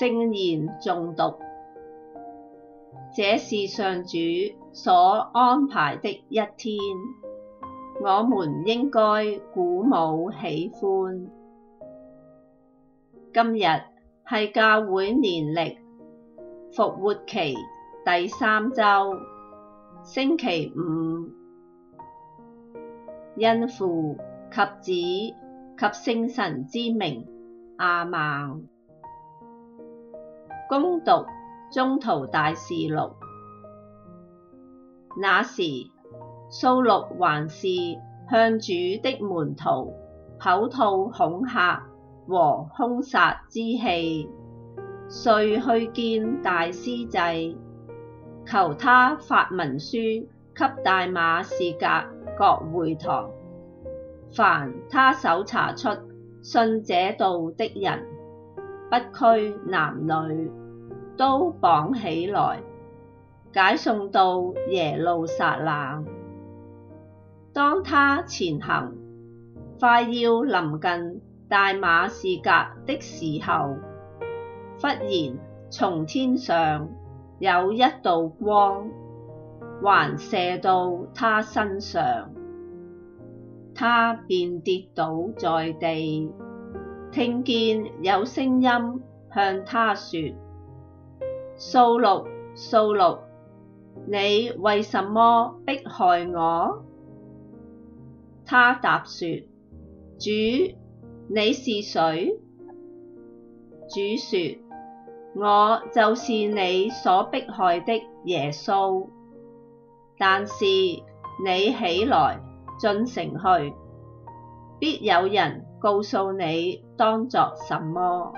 聖言誦讀，這是上主所安排的一天，我們應該鼓舞喜歡。今日係教會年曆復活期第三周，星期五，因父及子及聖神之名，阿們。恭讀宗徒大事錄，那時掃祿還是向主的門徒口吐恐嚇和兇殺之氣，遂去見大司祭，求他發文書給大馬士革各會堂，凡他搜查出信這道的人，不拘男女。都綁起來，解送到耶路撒冷。當他前行，快要臨近大馬士革的時候，忽然從天上有一道光，環射到他身上，他便跌倒在地，聽見有聲音向他說。掃祿，掃祿，你為什麼迫害我？他答說：主，你是誰？主說：我就是你所迫害的耶穌。但是你起來進城去，必有人告訴你當作什麼。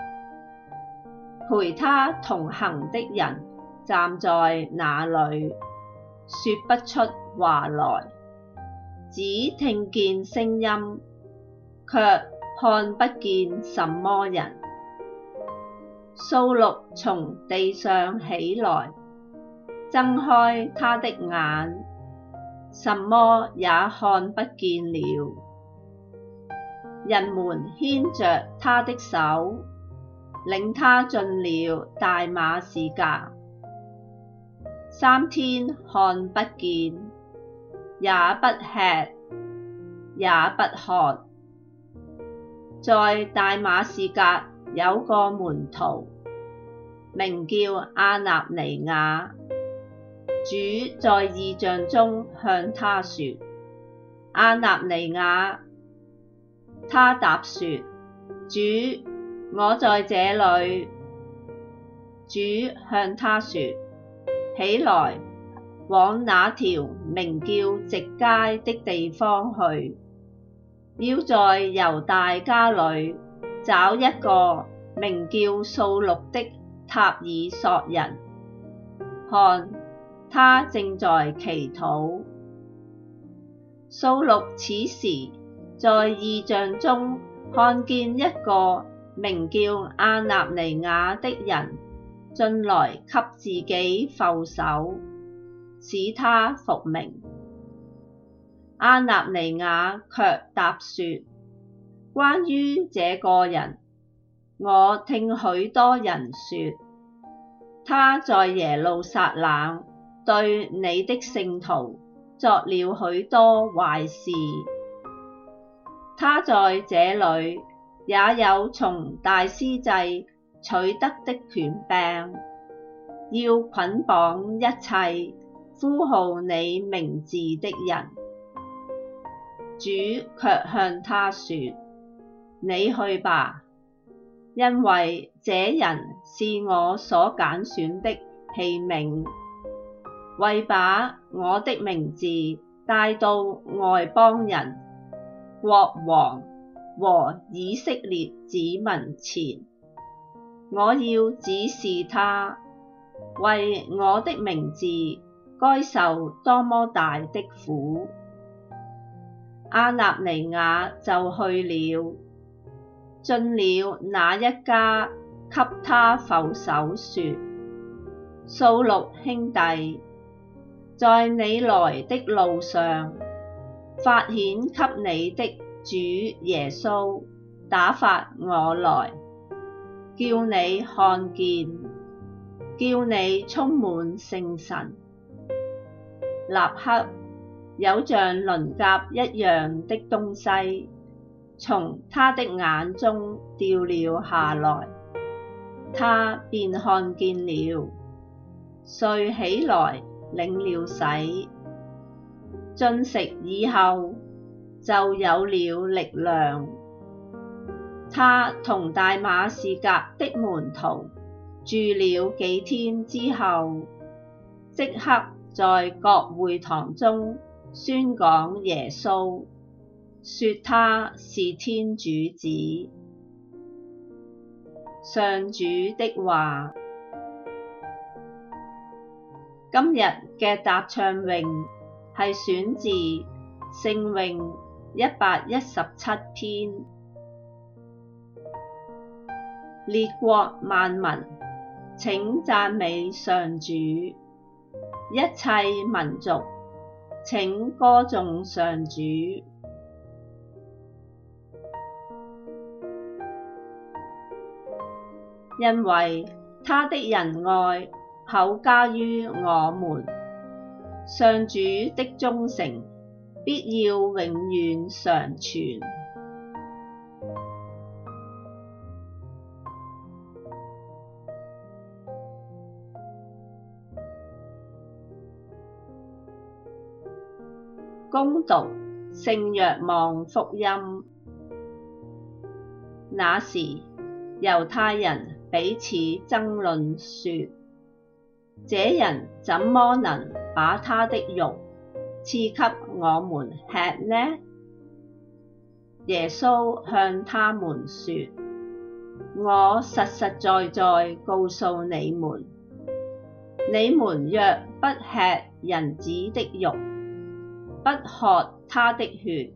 陪他同行的人站在那裏，說不出話來，只聽見聲音，却看不見什麼人。掃祿從地上起來，睜開他的眼，什麼也看不見了。人們牽着他的手。領他進了大馬士革，三天看不見，也不吃，也不喝。在大馬士革有個門徒，名叫阿納尼雅。主在異象中向他說：阿納尼雅，他答說：主。我在這裏。主向他說，起來，往那條名叫直街的地方去，要在猶大家裏找一個名叫掃祿的塔爾索人，看他正在祈禱。掃祿此時在異象中看見一個。名叫阿納尼雅的人進來給自己覆手，使他復明。阿納尼雅卻答說：關於這個人，我聽許多人說，他在耶路撒冷對你的聖徒作了許多壞事。他在這裏。也有從大司祭取得的權柄，要捆綁一切呼號你名字的人。主卻向他說：你去吧，因為這人是我所揀選的器皿，為把我的名字帶到外邦人、國王。和以色列子民前，我要指示他，為我的名字該受多麼大的苦。阿納尼雅就去了，進了那一家，給他覆手說：掃祿兄弟，在你來的路上，發顯給你的。主耶穌打發我來，叫你看見，叫你充滿聖神。立刻有像鱗甲一樣的東西，從他的眼中掉了下來，他便看見了。遂起來，領了洗，進食以後，就有了力量。他同大馬士革的門徒住了幾天之後，即刻在各會堂中宣講耶穌，說他是天主子。上主的話。今日嘅答唱詠係選自聖詠。一百一十七篇，列國萬民，請讚美上主，一切民族，請歌頌上主，因為他的仁愛厚加於我們，上主的忠誠。必要永遠常存。恭讀聖若望福音，那時猶太人彼此爭論說：這人怎麼能把他的肉，賜給我們吃呢？耶穌向他們說：我實實在在告訴你們，你們若不吃人子的肉，不喝他的血，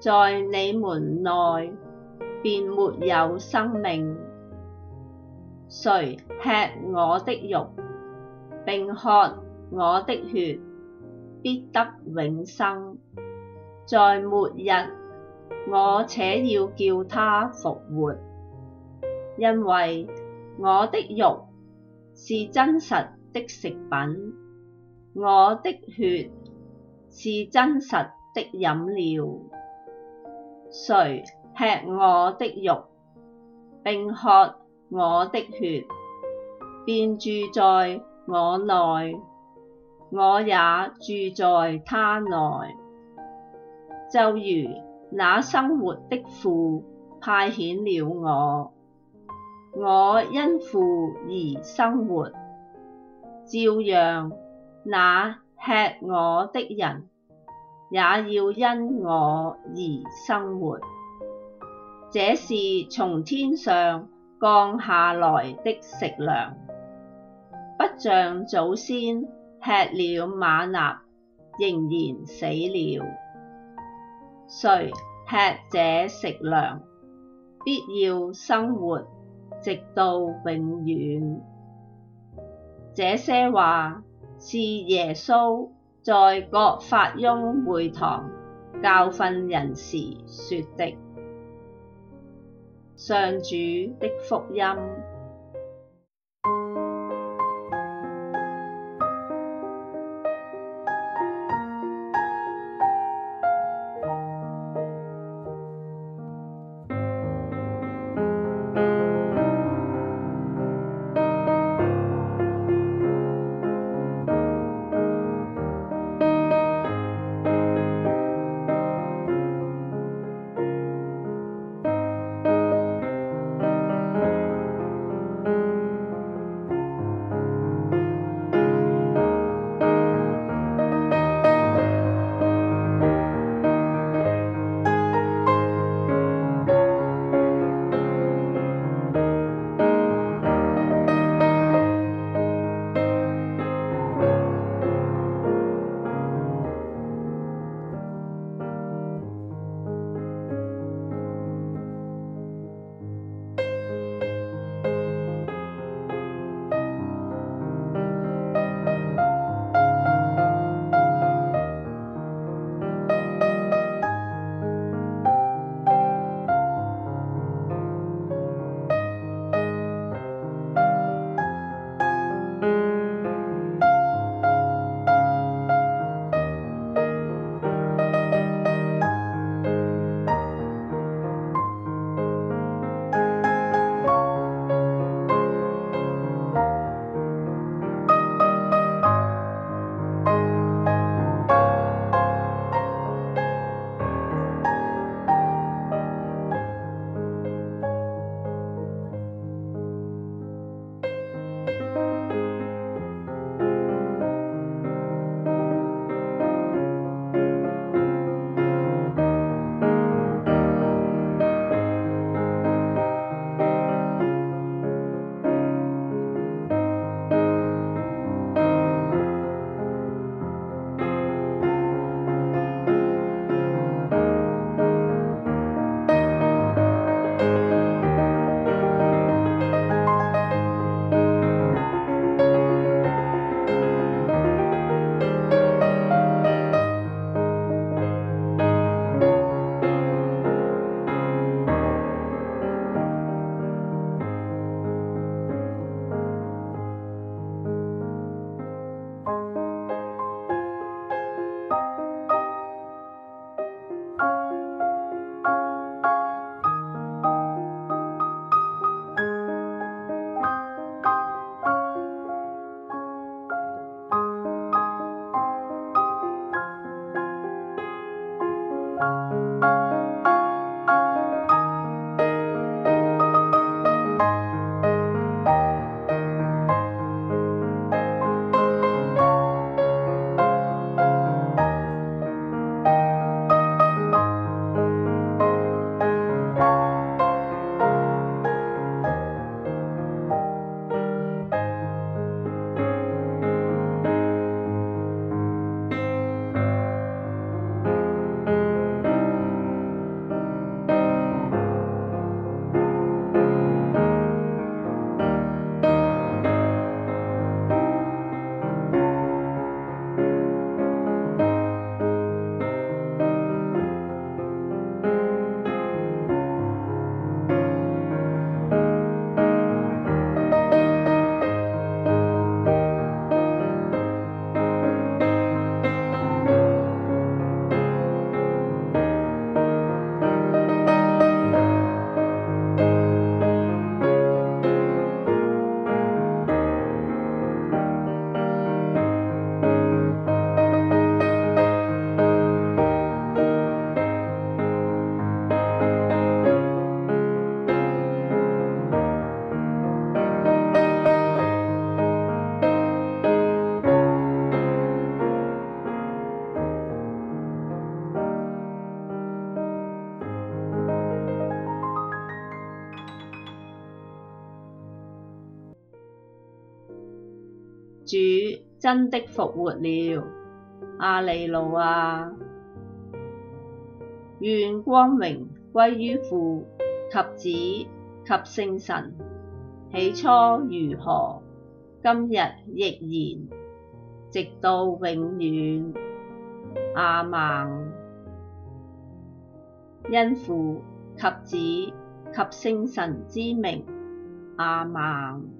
在你們內便沒有生命。誰吃我的肉，並喝我的血，必得永生，在末日，我且要叫他復活，因為我的肉是真實的食品，我的血是真實的飲料。誰吃我的肉，並喝我的血，便住在我內。我也住在他內，就如那生活的父派遣了我，我因父而生活，照樣那吃我的人也要因我而生活。這是從天上降下來的食糧，不像祖先。吃了瑪納，仍然死了。誰吃這食糧，必要生活直到永遠。這些話是耶穌在葛法翁會堂教訓人時說的。上主的福音。主真的復活了，阿利路亞、啊！願光榮歸於父及子及聖神，起初如何，今日亦然，直到永遠，阿們。因父及子及聖神之名，阿們。